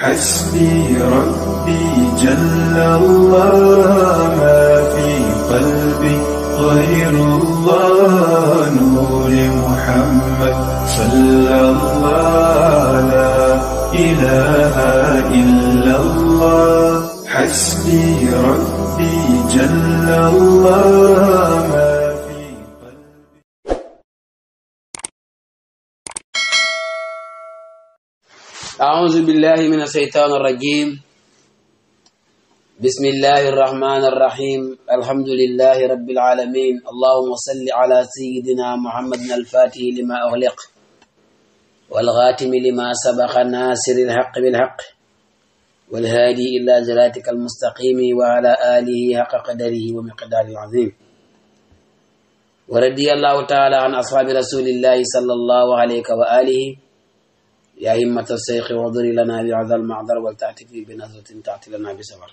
حسبي ربي جل الله ما في قلبي غير الله نور محمد صلى الله لا إله إلا الله حسبي ربي جل الله أعوذ بالله من الشيطان الرجيم بسم الله الرحمن الرحيم الحمد لله رب العالمين اللهم صل على سيدنا محمد الفاتح لما أغلق والغاتم لما سبق ناصر الحق بالحق والهادي إلى جلاتك المستقيم وعلى آله حق قدره ومقدار العظيم ورضي الله تعالى عن أصحاب رسول الله صلى الله عليه وآله yaa himmata seyxi waduri lanaa bi hadal mahdar wal taati fi bi nasratin taati lanaa bi safar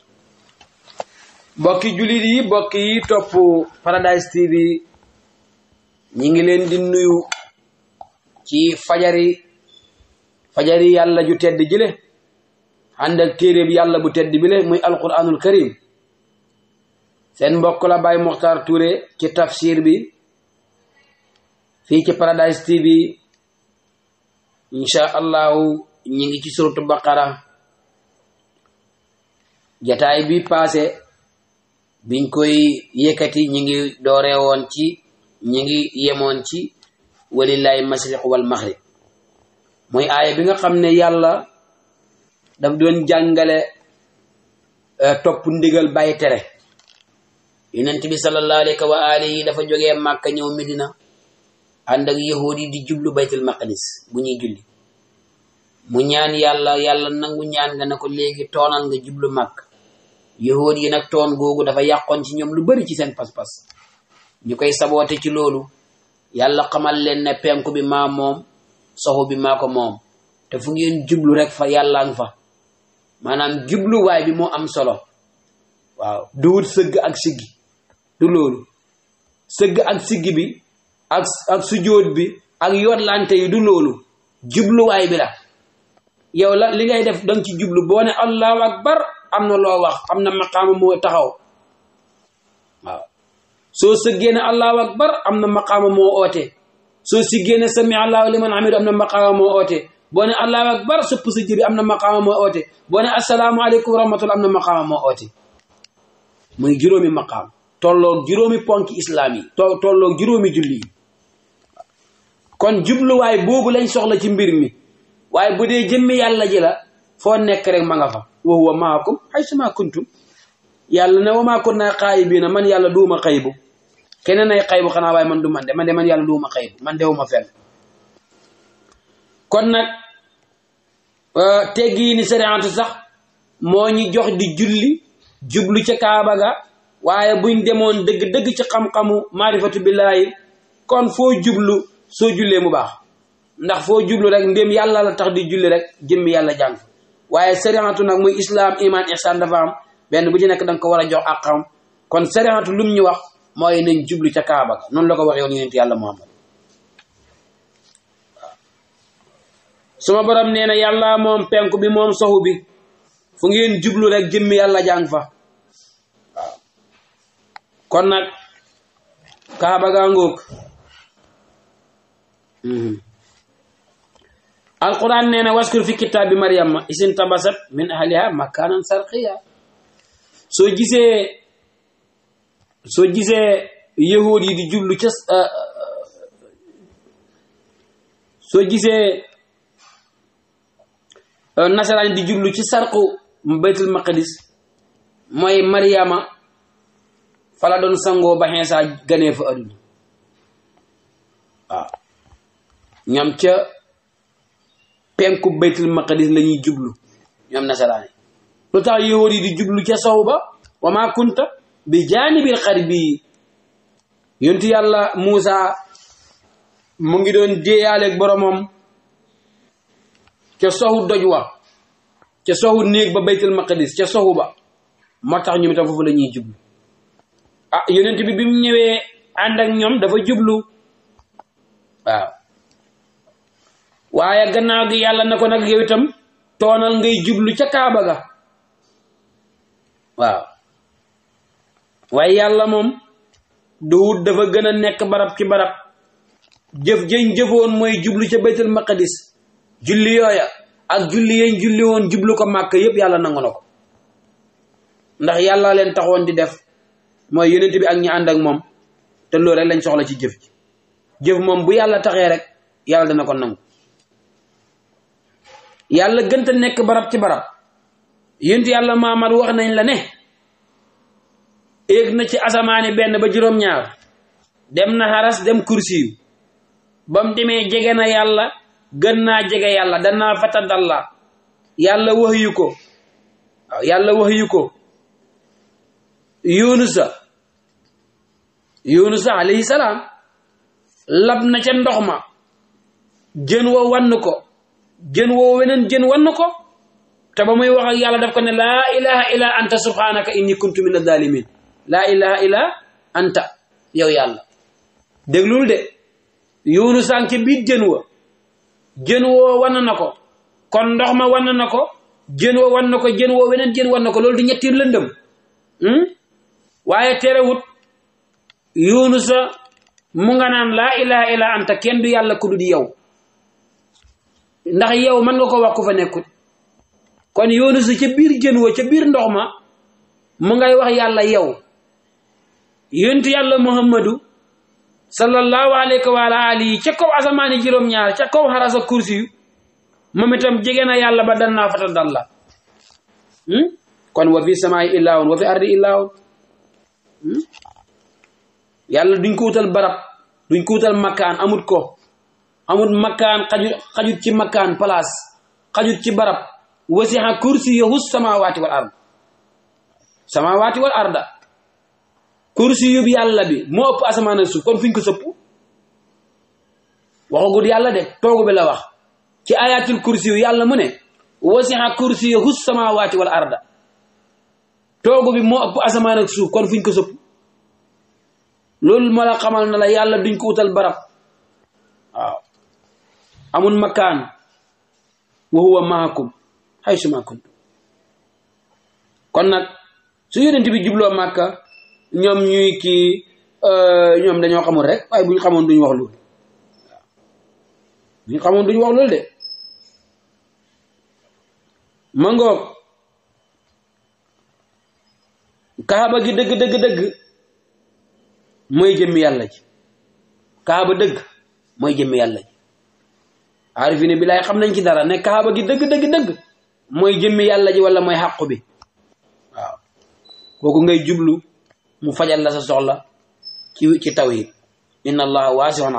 bokki jullit yi bokk yi topp Paradise TV ñi ngi leen di nuyu ci fajari fajari yàlla ju tedd jile ànd ak téere bi yàlla bu tedd bile muy alquranul karim seen mbokk la Baye Mokhtar Touré ci tafsir bi fii ci Paradise TV insha allahu ñi ngi ci suratu baqara jataay bi paase biñ koy yëkkati ñi ngi dooree woon ci ñi ngi yemoon ci walillahi masriq wal maghrib mooy aaya bi nga xam ne yàlla daf doon jàngale euh, topp ndigal bay tere yonent bi sallallahu alayhi wa alihi dafa jógee màkka ñëw medina ànd ak yahuud yi di jublu baytul maqdis bu ñuy julli mu ñaan yàlla yàlla nangu ñaan nga ne ko léegi toonal nga jublu màkk yahuud yi nag toon googu dafa yàqoon ci ñoom lu bari ci seen pas-pas ñu koy saboote ci loolu yàlla xamal leen ne penku bi maa moom soxu bi maako moom te fu ngeen jublu rek fa yàlla nga fa maanaam jubluwaay bi mu am solo waaw duwut sëgg ak siggi du loolu sëgg ak siggi bi ak sujjóot bi ak yotlante yi du loolu jubluwaay bi la yow la li ngay def danga ci jublu boo ne allahu akbar am na loo wax am na maqaama moo taxaw waaw soo sëggee ne allahu na maqaama moo oote soo siggee ne sami allahu liman hamidu am na maqaama moo oote boo ne allahu akbar supp sa jëbi am na maqaama moo oote boo ne assalaamu aleykum wa rahmatullah am na maqaama moo oote muy juróomi maqaam tolloog juróomi ponki islaam yi juróomi julli kon jubluwaay boobu lañ soxla ci mbir mi waaye bu dee jëmmi yàlla ji la foo nekk rek ma nga fa wa huwa maakum haysu ma kuntum yàlla ne wa maa kunna xaayibiina man yàlla duuma xaybu keneen ay xaybu xanaa waaye man du man de man de du yàlla duuma xaybu man dewuma fenn kon nag euh, teggi ni sariante sax moo ñu jox di julli jublu ca kaaba ga waaye buñ demoon dëgg-dëgg ci xam-xamu maarifatu billaahi kon foo jublu so julle mu bax ndax fo jublu rek ndem yalla la tax di julle rek jëm yalla jang waye sariatu nak moy islam iman ihsan dafa am ben bu ci nek dang ko wara jox akam kon sariatu lum ñu wax moy nañ jublu ca kaaba non la ko waxee woon yonent yalla muhammad suma borom neena na mom penku bi mom sohu bi fu ngeen jublu rek jëm yalla jang fa kon nak kaaba ga ngok Mm-hmm. alquran nee na waskur fi kitaabi maryama isin tabasat min ahliha makaanan sarqiya soo gisee soo gisee yahuud di jublu ca uh, uh, soo gisee uh, nasaraan di jublu ci sarqu baytul maqdis mooy maryama fala doon sangoo ba xeesaa ganee fa ñoom ca penku baytul maqdis la ñuy jublu ñoom nasaraan lu tax yowóor di jublu ca sow ba wa ma kunta bi jaanibil bi yontu yàlla Muusa mu ngi doon jéeyaaleeg boromam ca soxu doj wa ca soxu néeg ba baytul maqdis ca soxu ba moo tax ñoom itam foofu la ñuy jublu ah bi bi mu ñëwee ànd ak ñoom dafa jublu waaw waaye gannaaw gi yàlla na ko nag yow itam ngay jublu ca kaaba ga waaw waaye yàlla moom duwut dafa gën a nekk barab ci barab jëf jëñ jëfoon mooy jublu ca baytul maqadis julli yooya ak julli yeñ julli woon jublu ko màkk yépp yàlla nangu na ko ndax yàlla leen taxoon di def mooy yonent bi ak ñi ànd moom te loole rek lañ soxla ci jëf ji jëf moom bu yàlla taxee rek yàlla dana ko nangu yàlla gënta nekk barab ci barab yént yàlla maamar wax nañ la ne éeg na ci asamaani benn ba juróom-ñaar dem na dem kursiyu bam demee jege na yàlla gën naa jege yàlla danaa fata dalla yàlla wax yu ko yàlla wax yu ko yunusa yunusa alayhi salaam lab na ca ndox ma jën wa wann ko jën woo weneen jën wan na ko te ba muy wax ak yàlla daf ko ne laa ilaha illa anta subhanaka inni kuntu min adalimin laa ilaha illa anta yow yàlla déglul de yoonu sànq biit jën jën woo wan na ko kon ndox ma wan na ko jën woo wan na ko jën woo weneen jën wan na ko loolu du ñetti lëndëm hmm? waaye terewut yoonu sa mu nga naan laa ilaha illa anta kenn du yàlla ku du di yow ndax yow man nga ko wax ku fa nekkut kon yoonusu ca biir jën wa ca biir ndox ma mu ngay wax yàlla yow yontu yàlla muhammadu sallallahu alayhi wa alihi ca kaw asamaani juróom-ñaar ca kaw xarasa kursi yu moom itam jege na yàlla ba dan naa fata dal la hmm? kon wa fi samaay illaawun wa fi ardi illaawun hmm? yàlla duñ ko wutal barab duñ ko wutal makkaan amut ko amul makkaan xaju ci makkaan place xajut ci barab wasiha kursiyyuhu samaawaati wal ard samaawaati wal arda kursi yub yàlla bi moo ëpp asamaan suuf kon fuñ ko sëpp waxagul yàlla de toogu bi la wax ci ayatul kursi yu yàlla mu ne wasiha kursiyuhu samaawaati wal arda toogu bi moo ëpp asamaan ak suuf kon fuñ ko sëpp loolu ma la xamal na la yàlla duñ ko utal barab waaw amul makaan wa huwa maakum haysu ma kuntum kon nag su yonent bi jubloo màkka ñoom ñuy kii euh, ñoom dañoo xamul rek waaye bu ñu xamoon duñu wax loolu xamoon duñu wax loolu de mangoog kaaba gi dëgg dëgg dëgg mooy jëmmi yàlla kaaba dëgg mooy jëmmi yàlla aarifine bi laay xam nañ ci dara ne kaaba gi dëgg dëgg dëgg mooy jëmmi yàlla ji walla mooy xàqu bi waaw kooku ngay jublu mu fajal la sa soxla ci ci tawhid inna allaha waasiun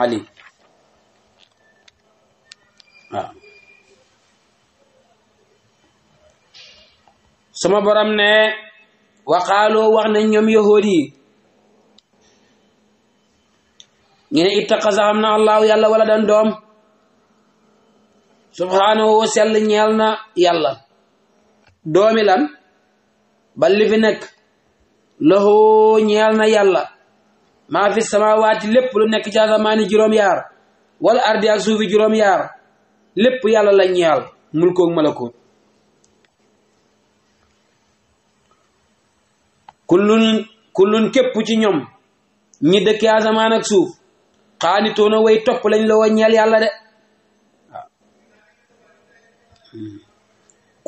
sama borom wax nañ ñoom yahood yi ñu xam na allahu yàlla wala dan doom subhaanahu wa sell ñeel na yàlla doomi lan ba li fi nekk lahoo ñeel na yàlla maa fi samaawaati lépp lu nekk ci asamaani juróom-yaar wala ardi ak suufi juróom-yaar lépp yàlla la ñeel mulkoog malakoot kullun kullun képp ci ñoom ñi dëkkee asamaan ak suuf xaanitoona way topp lañ la wa ñeel yàlla de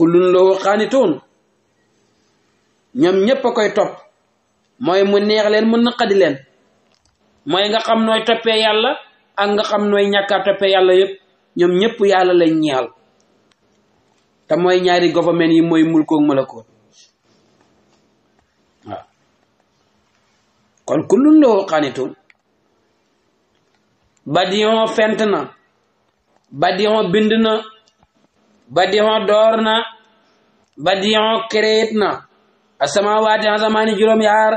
kullun lahu xaanituun ñoom ñépp a koy topp mooy mu neex leen mu naqadi leen mooy nga xam nooy toppee yàlla ak nga xam nooy ñàkkaa toppee yàlla yëpp ñoom ñëpp yàlla lañ ñaal te mooy ñaari government yi mooy mulk ak malakoot waaw kon kullun lahu xaanituun fent na badiyon bind na badiyon door na badiyon créé na asamawaati asamaani juróom-yaar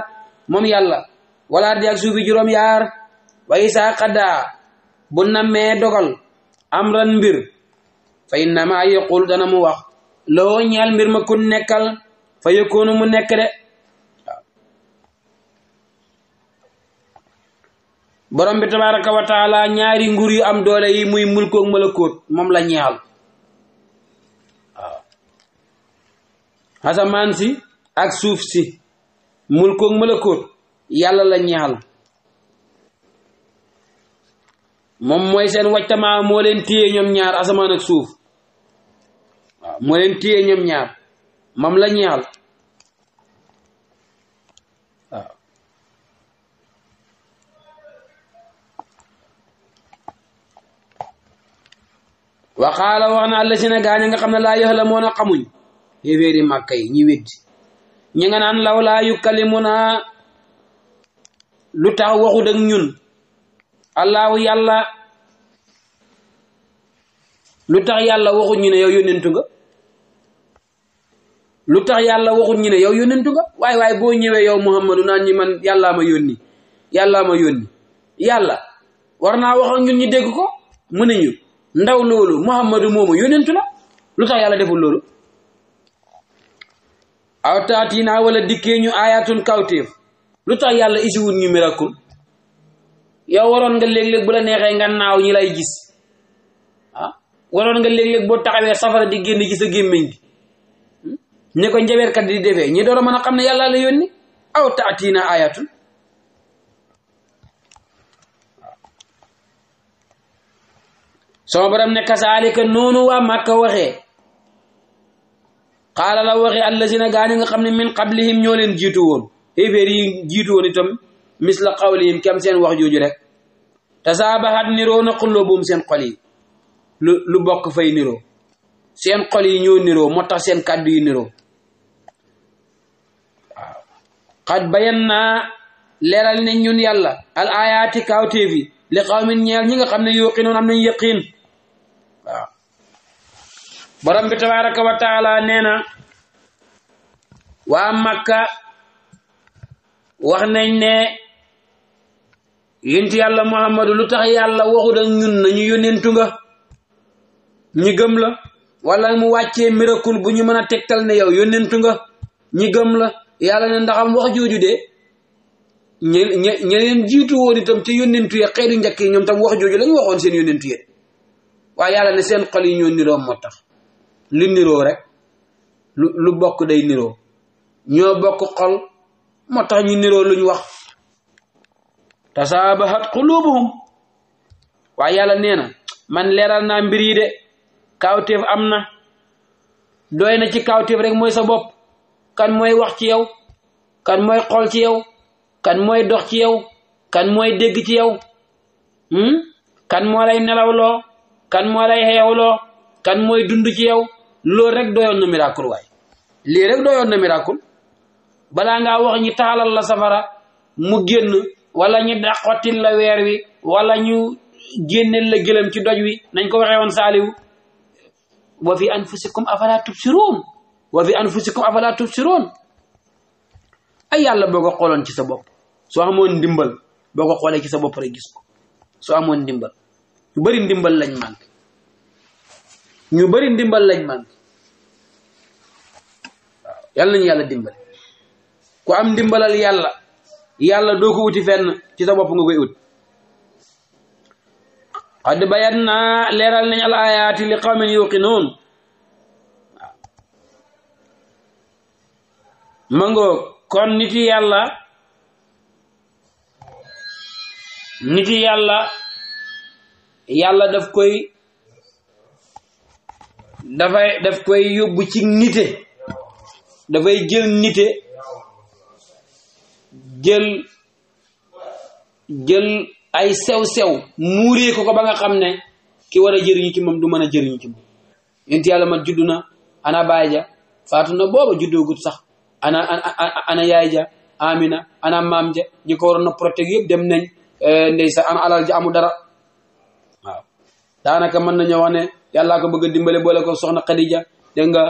moom yàlla wala ardi ak suufi juróom-yaar wa isaa xaddaa bu nammee dogal amran mbir fa innama yaqul dana mu wax loo ñeel mbir ma kun nekkal fa yëkkoonu mu nekk de borom bi tabaraka wa taala ñaari nguur yu am doole yi muy mulkoog malakoot moom la ñeexal asamaan si ak suuf si mul koog malakoot yàlla la ñaal moom mooy seen wajtamaa moo leen téye ñoom ñaar asamaan ak suuf waaw moo leen téye ñoom ñaar moom la ñaal waaw waxaala wax na àll si ne nga xam ne laa yëx la moon a xamuñ yéwéeri màkka yi ñi weddi ñi nga naan lawlaa yukkali kalimunaa lu tax waxut ak ñun allahu yàlla lu tax yàlla waxut ñu ne yow yónnentu lu tax yàlla waxut ñu ne yow yónnentu nga waaye waaye boo ñëwee yow muhammadu naan ñi man yàllaa ma yónni yàlla ma yónni yàlla war naa wax ñun ñu dégg ko mu ne ndaw loolu muhammadu moomu yónnentu la lu tax yàlla deful loolu aw taatinaa wala dikkee ñu aayatun kawtéef lu tax yàlla isiwut ñu miracle yow waroon nga léeg-léeg bu la neexee nga naaw ñi lay gis ah waroon nga léeg-léeg boo taxawee safara di génn ci sa gémmiñ gi ñi hmm? ko njabeerkat di defee ñi door a mën a xam ne yàlla la yónni aw taatinaa aayatun sama borom ne kasaalika noonu waa màkka waxee qaala la waxi allazina gaa ñi nga xam ne min qablihim ñoo leen jiitu woon xéeféer yi jiitu woon itam misla qawlihim kam wax jooju rek tasaabahat niroo na xuloobuum seen xol yi lu lu bokk fay niroo seen xol yi ñoo niroo moo tax seen kàddu yi niroo waaw xad bayan naa leeral ne ñun yàlla al ayaati kaawteef yi li xawmin ñeel ñi xam ne yuqinoon am nañ yëqiin borom bi tabaraka wa taala nee na waa Makka wax nañ ne yént yàlla Muhammadu lu tax yàlla waxut ak ñun nañu yónnentu nga ñi gëm la wala mu wàccee miracle bu ñu mën a tegtal ne yow yónnentu nga ñi gëm la yàlla ne ndaxam wax jooju de ñe ñe ñeneen jiitu woon itam te yónnentu ya xeetu njëkk yi ñoom tam wax jooju la ñu waxoon seen yónnentu ya waaye yàlla ne seen xol yi ñoo niroom moo tax lu niroo rek lu lu bokk day niroo ñoo bokk xol moo tax ñu niroo luñ wax tasaabahat qulubuhum waaye yàlla nee na man leeral na mbir yi de kawteef am na doy na ci kawteef rek mooy sa bopp kan mooy wax ci yow kan mooy xool ci yow kan mooy dox ci yow kan mooy dégg ci yow hmm? kan moo lay nelawloo kan moo lay kan mooy dund ci yow loolu rek doyoon na miracle waay lii rek doyoon na miracle balaa ngaa wax ñi taalal la safara mu génn wala ñu daqotil la weer wi walla ñu génneel la gëlëm ci doj wi nañ ko waxee woon saaliwu wa fi anfusikum afala tubsiroon wa fi anfusikum afala tubsiroon ay yàlla boo ko xooloon ci sa bopp soo amoon ndimbal boo ko xoolee ci sa bopp rek gis ko soo amoon ndimbal ñu ndimbal lañ manqué ñu bari ndimbal lañ man waaw yàlla nañu yàlla dimbal ku am ndimbalal yàlla yàlla doo ko wuti fenn ci sa bopp nga koy ut xad bayat naa leeral nañ al ayaati li qawmin yuqinoon waaw mangoo kon niti yàlla niti yàlla yàlla daf koy dafay daf koy yóbbu ci nite dafay jël nite jël jël ay sew-sew muuree ko ko ba nga xam ne ki war a jëriñu ci moom du mën a jëriñu ci moom yent yàlla mat juddu na ana baay ja faatu na booba juddoogut sax ana ana yaay ja amina ana maam ja ñi ko waroon na protég yëpp dem nañ eh, ndey sa ana alal ja amu dara waaw daanaka mën nañoo wax yalla ko bëgg dimbalé bolé ko soxna Khadija de nga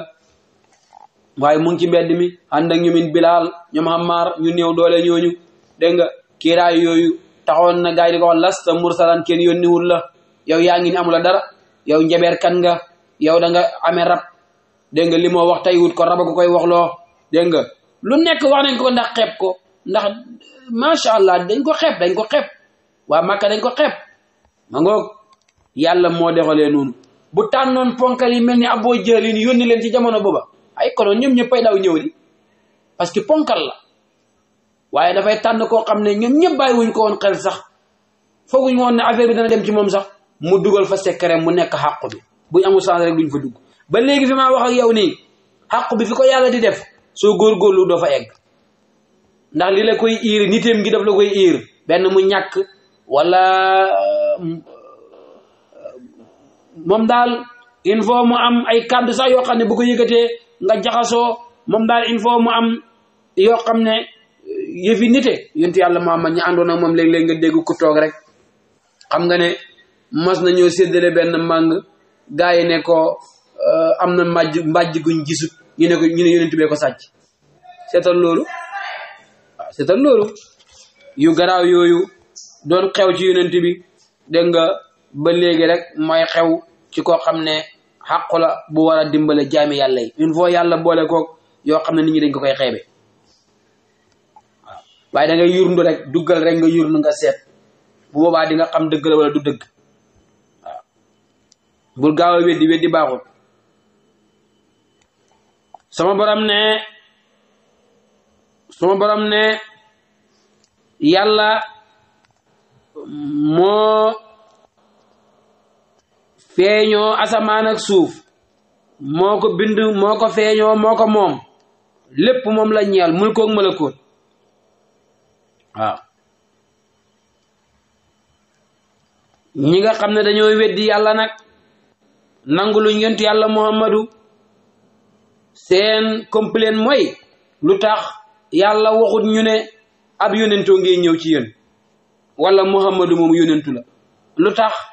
waye mu ngi ci mbedd mi and ak ñoom Bilaal ñoom Ammaar ñu New doole ñooñu de nga kira yoyu taxon na gaay di ko lasta mursalan yoni wul la yow yaangi ni ya amula dara yow njabeer kan nga yow da nga amé rab de nga limo wax tay wut ko rabako koy wax lo de nga lu nekk wax nañ ko ndax xeeb ko ndax macha allah dañ ko xeeb dañ ko xeeb wa Makka dañ ko ma bu tànnoon ponkal yi mel ni aboo jëlin yónni leen ci jamono booba ay konoon ñoom ñëpp ay daw ñëw li parce que ponkal la waaye dafay tànn koo xam ne ñoom ñëpp bàyyi wuñ ko woon xel sax fooguñ woon ne affaire bi dana dem ci moom sax mu dugal fa secret mu nekk xàqu bi buñ amul chance rek duñ fa dugg ba léegi fi maa wax ak yow nii xàqu bi fi ko yàlla di def soo góorgóorlu doo fa egg ndax li la koy iir niteem gi daf la koy iir benn mu ñàkk wala euh, moom daal il faut mu am ay kàddu sax yoo xam ne bu ko yëkkatee nga jaxasoo moom daal il faut mu am yoo xam ne eh, yëfi nite yonent yàlla Muhammad ñu àndoon ak moom léeg-léeg nga dégg ku toog rek xam nga ne mas nañoo séddale benn màng gars yi ne ko eh, am na mbàjj mbàjj guñ gisut ñu ne ko ñu ko saj seetal loolu waaw ah, seetal loolu yu garaaw yooyu doon xew ci yonent bi dégg nga ba léegi rek may xew ci ko xam ne xàqu la bu war a jaami yàlla yi une fois yàlla boole koog yoo xam ne nit ñi dañ ko koy xeebe waaw waaye da nga yurndu rek duggal rek nga yurndu nga seet bu boobaa di nga xam dëgg la wala du dëgg waaw bul gaaw a weddi weddi baaxul sama borom ne sama borom ne yàlla moo feeñoo asamaan ak suuf moo ko bind moo ko feeñoo moo ko moom lépp moom la ñeel mul koog malakoot waaw ñi nga xam ne dañoo weddi yàlla nag nangu lu ngent yàlla muhammadu seen complain moy lu tax yàlla waxut ñu ne ab yonentoo ngi ñëw ci yéen wala muhammadu moom yonentu la lu tax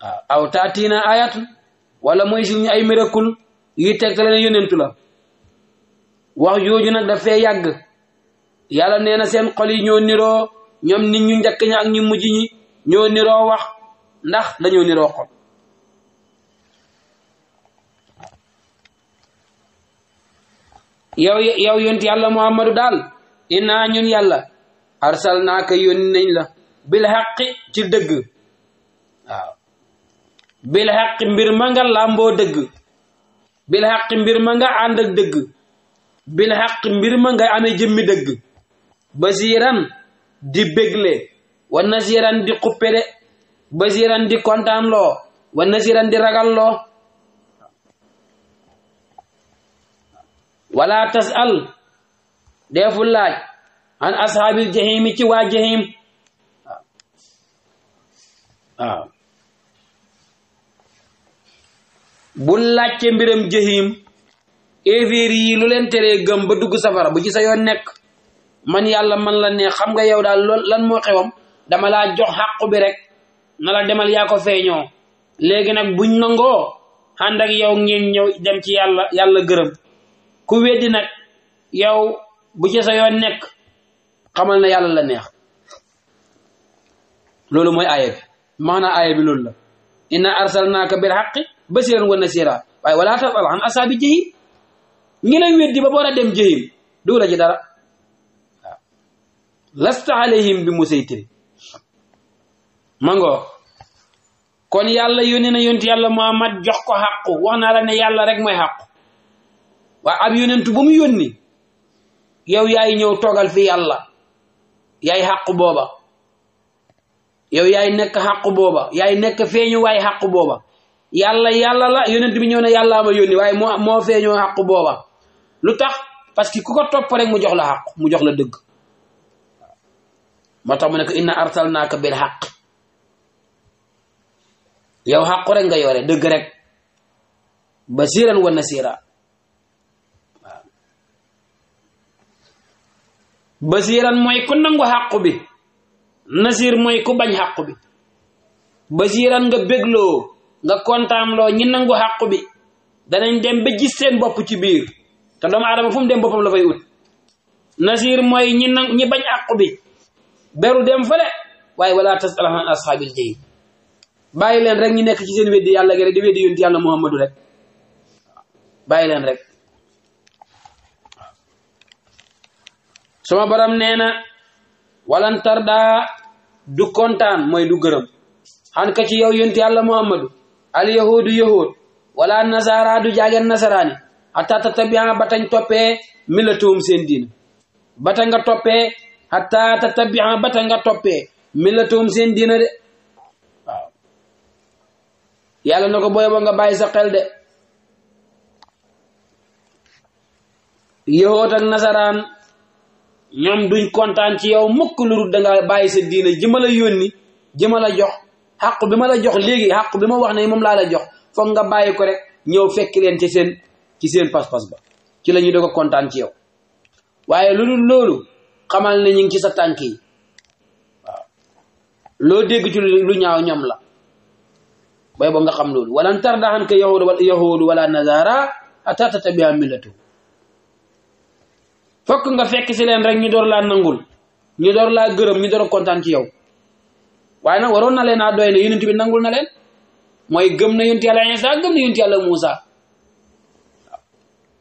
waaw ah. aw taatiina ayatun wala mooy si ñu ay miracle yuy tegtale ne yónentu la wax jooju nag daf fee yàgg yàlla nee na seen xol yi ñoo niroo ñoom nit ñu njëkk ña ak ñu mujj ñi ñoo niroo wax ndax dañoo niroo xol yow yow yonent yàlla muhammadu daal innaa ñun yàlla arsalnaaka yónni nañ la bil xaqi ci dëgg waaw bil xaq mbir ma nga làmboo dëgg bil xaq mbir ma nga ànd ak dëgg bil xaq mbir ma nga basiiran di bégle wa nasiiran di xuppe de basiiran di kontaan loo wa nasiiran di ragal loo wala tasal deefu laaj an ashaabil jahimi ci waa jahim waaw bu laajte mbiram jëhiim évéer yi lu leen teree gëm ba dugg safara bu ci sa yoon nekk man yàlla man la neex xam nga yow daal lool lan moo xewam dama laa jox xàqu bi rek na la demal yaa ko feeñoo léegi nag buñ nangoo ànd ak yow ngeen ñëw dem ci yàlla yàlla gërëm ku weddi nag yow bu ci sa yoon nekk xamal na yàlla la neex loolu mooy aaya bi maanaa aaya bi loolu la inna arsalnaaka bil haqqi basiran wa nasira waaye wala tasal an asaabi jahim ngi la weddi ba war a dem jahim du la ci dara waaw lasta alayhim bi musaytir mango kon yàlla yónni na yonent yàlla Muhammad jox ko xàqu wax naa la ne yàlla rek mooy xàqu waaye ab yonentu bu mu yónni yow yaay ñëw toogal fi yàlla yaay xàqu booba yow yaay nekk xàqu booba yaay nekk feeñu waay xàqu booba Yalla yalla la yonent bi ñewna na yalla ma yoni waye mo mo feeñoo haqu boba lutax parce que kuko top rek mu jox la haqu mu jox la deug moo mu nek inna arsalnaka bil haqq yow haqu rek nga yore deug rek basiran wa nasira basiran moy ku nangu haqu bi nasir moy ku bañ haqu bi basiran nga beglo nga kontaan loo ñi nangu xàqu bi danañ dem ba gis seen bopp ci biir te doomu aadama fu mu dem boppam la fay ut nasir mooy ñi bañ àqu bi beru dem fële waaye wala tasal an ashaabil jahim bàyyi leen rek ñi nekk ci seen weddi yàlla gi rek di weddi yonent yàlla muhammadu rek bàyyi leen rek sama borom nee na walantar daa du kontaan mooy du gërëm xan ka ci yow yonent yàlla muhammadu al yahudu yahud wala nasara du jaageen nasaraani hatta tatabia batañ toppee milatuum seen diina bata nga toppee hatta tatabia bata nga toppee milatuum seen diina de yàlla na ko booy ba nga bàyyi sa xel de yahood ak nasaraan ñoom du kontaan ci yow mukk lu dul da nga bàyyi sa diina ji ma la jox xaq bima la jox legi xaq bima wax ne mom la la jox foog nga baye ko rek ñew fekk len ci sen ci sen pas-pas ba ci lañu dogo contane ci yow waye lu dul loolu xamal na ñi ngi ci sa tanki lo deg ci lu ñaaw ñom la bay bo nga xam lolu walan tardahan ka yahud wal yahud wala nazara atata tabi'a millatu fokk nga fekk ci len rek ñu dor la nangul ñu dor la gëreem ñu dor contane ci yow waaye nag waroon na leen a doy ne yonent bi nangul na leen mooy gëm na yonent yàlla Iisaa gëm na yonent yàlla Muusa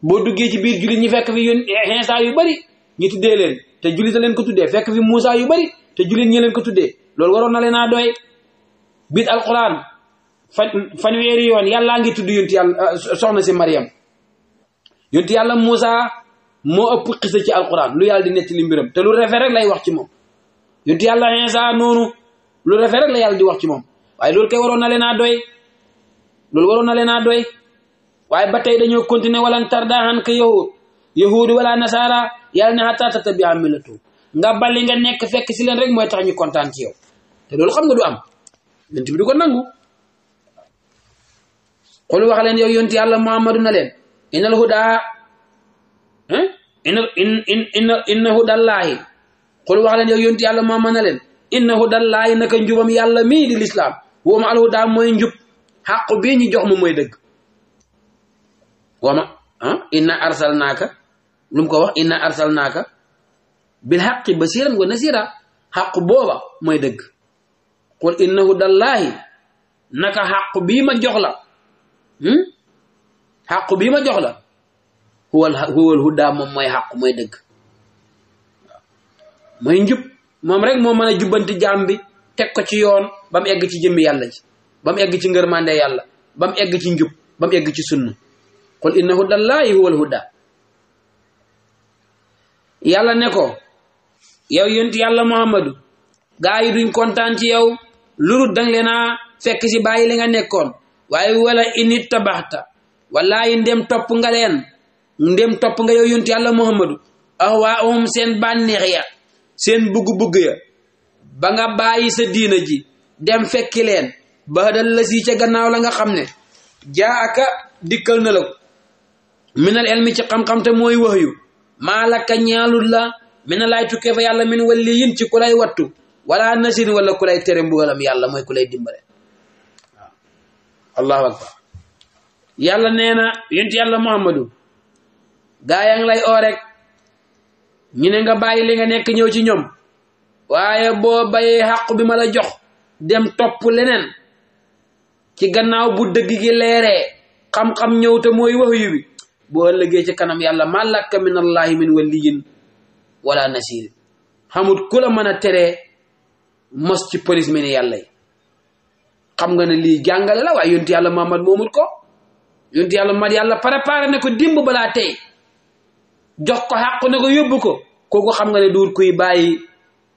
boo duggee ci biir jullit ñi fekk fi yonent Iisaa yu bari ñi tuddee leen te jullit da leen ko tuddee fekk fi Muusa yu bari te jullit ñi leen ko tuddee loolu waroon na leen a doy biir alquran fan fanweeri yoon yàllaa ngi tudd yonent yàlla euh, soxna si Mariam yonent yàlla Muusa moo ëpp xisa ci alquran lu yàlla di nettali mbiram te lu refe rek lay wax ci moom yonent yàlla Iisaa noonu loolu rafet rek la yàlla di wax ci moom waaye loolu kay waroon na leen a doy loolu waroon na leen a doy waaye ba tey dañoo continuer walan tarda an ka yahud yahudi wala nasara yàlla ne xataa tattabi'a millatahum nga balli nga nekk fekk ci leen rek mooy tax ñu kontaan ci yow te loolu xam nga du am yonent bi ko nangu xul wax leen yow yonent yàlla muhammadu na leen inal huda inna inna inna huda llaahi xul wax leen yow yonent yàlla muhammadu na leen innahu dallaayi naka njubam yàlla mii di lislaam wooma alhudaa mooy njub xàqu bii ñu jox mu moy dëgg wooma ah inna arsalnaaka lu mu ko wax inna arsalnaaka bil xaqi basiran wa nasira xàqu booba mooy dëgg qul innahu dallaayi naka xàqu bii ma jox la hm? xàqu bii ma jox la huwal huwal mooy mooy dëgg mooy njub mom rek mo meuna jubanti jambi tek ko ci yoon bam egg ci jëmm yalla ji bam egg ci ngërmande yàlla ba mu egg ci njub bam egg ci sunna qul innahu dallahi huwa huda yalla ne ko yow yent yalla muhammadu gaay duñ kontan ci yow lurut dang lena fekk ci bàyyi li nga nekkon waye wala init tabaxta wallahi ndem top nga len ndem top nga yow yent yalla muhammadu ahwaahum sen bànneex ya seen bugg-bugg ya ba nga bàyyi sa diina ji dem fekki leen ba dal la sii ca gannaaw la nga xam ne jaa aka dikkal na la ko minal elmi ci xam-xam te mooy wax yu maa la ka ñaalul la mina laay tukkee fa yàlla min walli yin ci ku lay wattu wala nasin wala ku lay tere mbugalam yàlla mooy ku lay dimbale allahu akbar yàlla nee na yonent yàlla muhammadu gaa lay oo ñu ne nga bàyyi li nga nekk ñëw ci ñoom waaye boo bayee xàqu bi ma la jox dem topp leneen ci gannaaw bu dëgg gi leere xam-xam ñëw te mooy wax bi boo ëllëgee ci kanam yàlla ma làkka min allahi min waliyin wala nasirin xamut ku la mën a tere mos ci police mi ni xam nga ne lii jàngale la waaye yonti yàlla Muhammad moomut ko yonti yàlla Muhammad yàlla préparé na ko dimb balaa tey jox ko xàqu ne ko yóbbu ko kooku xam nga ne duur kuy bàyyi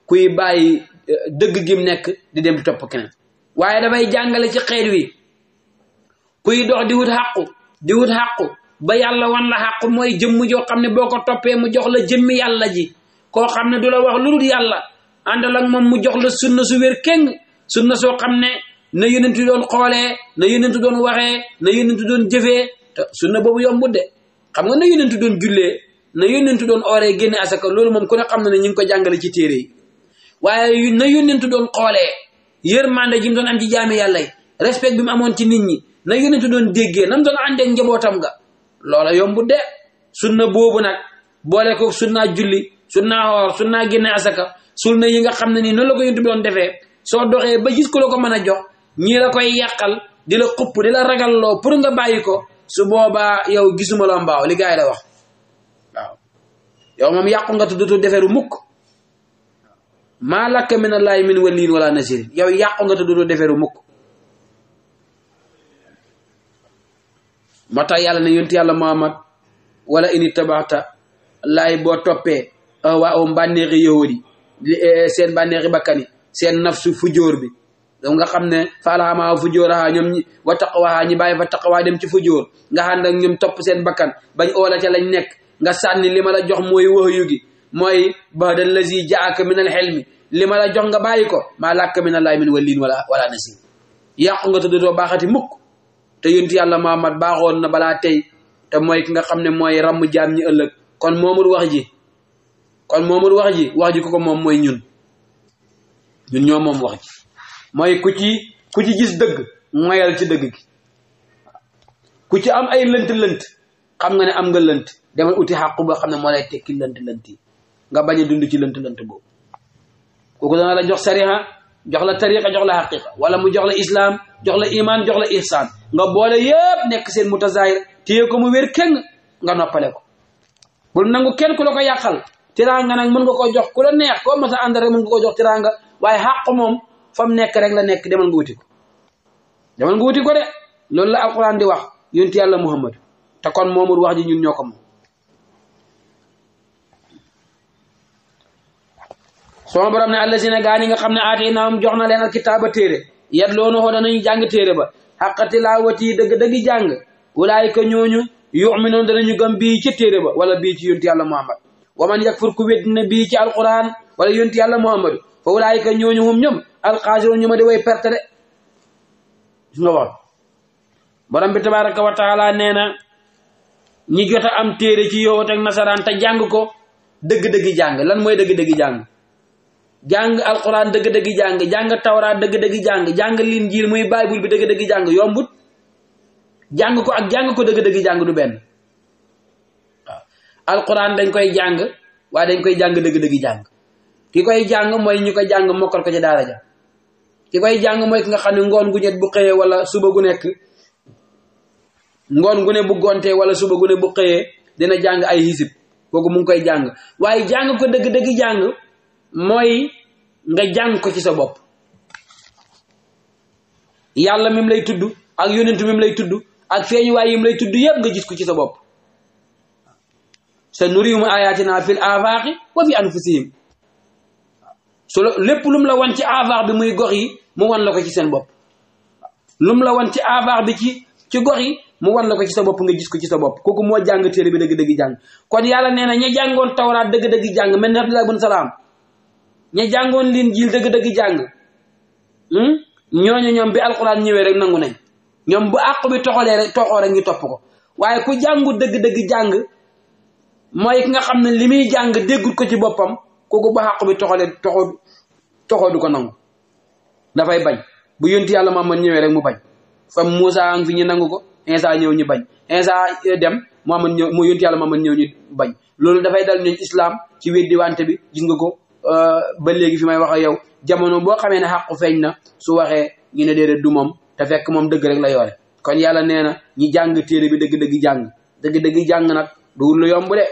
kuy bàyyi euh, dëgg gim nekk di dem di topp keneen waaye dafay jàngale ci xeet wi kuy dox di wut xàqu di ba yàlla wan la xàqu mooy jëmm joo xam ne boo ko toppee mu jox la jëmm yàlla ji koo xam ne du la wax lu dul yàlla àndal ak moom mu jox la sunna su wér kéng sunna soo xam ne na yonentu doon xoolee na yonentu doon waxee na yonentu doon jëfe te sunna boobu yombut de xam nga na yonentu doon jullee na yonentu doon ore génne asaka loolu moom ku ne xam na ne ñu ngi ko jàngale ci téere yi waaye na yonentu doon xoolee ji mu doon am ci jaami yàlla respect bi mu amoon ci nit ñi na yonentu doon déggee nam doon ak njabootam nga loola yombu de sunna boobu nag boole ko sunna julli sunna sunna génne asaka sunna yi nga xam ne nii noonu la ko yonentu doon defee soo doxee ba gis ku la ko mën a jox ñii la koy yàqal di la xupp di la pour nga bàyyi ko su boobaa yow gisuma la mbaaw li gaay la wax yow moom yàqu nga tuddutoo defeeru mukk maa lakka min allaahi min waliin wala nasirin yow yàqu nga tuddutoo defeeru mukk moo tax yàlla ne yonent yàlla Muhammad wala ini tabaxta laay boo toppee ah, waa om um, bànneexi eh, eh, seen bànneexi bakkani seen nafsu fujóor bi nga xam ne fa alhamaha fujooraha ñoom ñi wa taqwaha ñi bàyyi fa taqwaa dem ci fujóor nga xam ne topp seen bakkan bañ oola ca lañ nekk nga sànni li ma la jox mooy wahyu gi mooy bada lazi jaaka min al xilmi li ma a jox nga bàyyi ko maa làkk min allahi min waliin wala wala nasir yàqu nga te dootoo baaxati mukk te yonent yàlla Muhammad baaxoon na balaa tey te mooy ki nga xam ne mooy ràmm jaam ñi ëllëg kon moomul wax ji kon moomul wax ji wax ji ko moom mooy ñun ñun ñoo moom wax ji mooy ku ci ku ci gis dëgg moyal ci dëgg gi ci am ay lënt-lënt xam nga ne am nga lënt demal uti xàqu boo xam ne moo lay tekki lënt lënt nga bañ a dund ci lënt lënt boobu kooku dana la jox sariha jox la tariqa jox la xaqiqa wala mu jox la islam jox la iman jox la ihsan nga boole yëpp nekk seen mutazahir téye ko mu wér keng nga noppale ko bul nangu kenn ku la ko yàqal tiraanga nag mën nga ko jox ku la neex koo masa ànd rek mën nga ko jox tiraanga waaye xàq moom fa mu nekk rek la nekk demal nga wuti loolu la alquran di wax yonti yàlla te kon moomul wax ji ñun ñoo ko moom sama borom ne allazina gaa nga xam ne aataynaahum jox na leen al kitaaba téere yat loonu xoo danañu jàng téere ba xaqa tilaawati dëgg-dëgg jàng walaayika ñooñu yuminuun danañu gëm bii ci téere ba wala bii ci yonti yàlla muhammad wa man yakfur ku wét na bii ci alquran wala yonti yàlla muhammad fa walaayika ñooñu hum ñoom alxaasiroon ñu ma di way perte de borom bi tabaraka wa taala nee ñi jot a am téere ci yowoot ak nasaraan te jàng ko dëgg-dëgg jàng lan mooy dëgg-dëgg jàng jàng alquran dëgg-dëgg jàng jàng tawraat dëgg-dëgg jàng jàng linjiil muy bible bi dëgg-dëgg jàng yombut jàng ko ak jàng ko dëgg-dëgg jàng du benn waaw alquran dañ koy jàng waaye dañ koy jàng dëgg-dëgg jàng ki koy jàng mooy ñu ko jàng mokkal ko ci daara ja ki koy jàng mooy ki nga xam ne ngoon gu ñet bu xëyee wala suba gu nekk ngoon gu ne bu gontee wala suba gu ne bu xëyee dina jàng ay hisib kooku mu koy jàng waaye jàng ko dëgg-dëgg jàng mooy nga jàng ko ci sa bopp yàlla mi lay tudd ak yonent mi lay tudd ak feeñuwaay yi mu lay tudd yëpp nga gis ko ci sa bopp sa nurihum ayatina fil afaaqi wa fi anfusihim su la lépp lum la wan ci afaaq bi muy gox yi mu wan la ko ci seen bopp lu la wan ci afaaq bi ci ci mu war la ko ci sa bopp nga gis ko ci sa bopp koku mo jang téré bi deug deug jang kon yalla nee na ña jàngoon tawraat deug dëgg jàng mel ne abdullah bun salaam ña jàngoon liin deug dëgg dëgg jàng hmm? ñooñu ñoom bi alquran ñewé rek nangu nañ ñom bu àq bi toxolé rek toxo rek ñu top ko waye ku jangu deug deug jang moy ki nga xam limi jang deggul ko ci bopam koku bu bi toxolé toxo toxo du ko nangu fay bañ bu yonti yalla ma ma ñewé rek mu bañ fam musa fi nangu ko Insa ñëw ñu bañ Insa dem Muhammad ñëw mu yonent yàlla Muhammad ñëw ñu bañ loolu dafay dal ñooñ islam ci weddiwante bi gis nga ko euh, ba léegi fi may wax a yow jamono boo xamee ne xàqu feeñ na su waxee ngi ne déedéet du moom te fekk moom dëgg rek la yore kon yàlla nee na ñi jàng téere bi dëgg-dëgg jàng dëgg-dëgg jàng nag du wut lu yomb de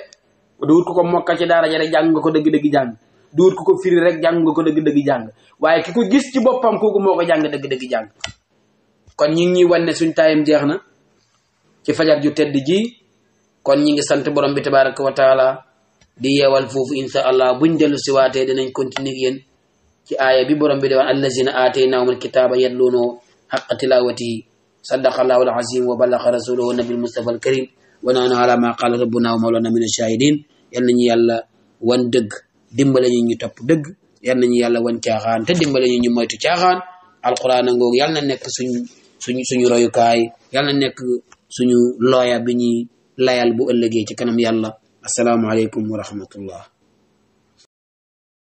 du ko mokkal ci daara rek jàng nga ko dëgg-dëgg jàng du ko firi rek jàng nga ko dëgg-dëgg jàng waaye ki ko gis ci boppam kooku moo ko jàng dëgg-dëgg jàng kon ñi ngi ñuy suñ taayam jeex na ci fajar ju tedd ji kon ñi ngi sant borom bi tabaraka wa taala di yeewal foofu insha allah buñ dellu si waatee dinañ continuer ak yéen ci aaya bi borom bi dewaan allazina aataynaahumul kitaaba yatluunahu haqqa tilaawatihi sadaqa allahu alazim wa balaqa rasuluhu nabil mustafa alkarim wa nahnu ala ma qala rabbuna wa mawlana min ashahidin yal nañu yàlla wan dëgg dimbale ñu ñu topp dëgg yal nañu yàlla wan caaxaan te dimbale ñu ñu moytu caaxaan alquran a ngoog yal na nekk suñ suñ suñu royukaay yal na nekk suñu looya bi ñuy layal bu ëllëgee ci kanam yàlla asalaamaaleykum wa rahmatullah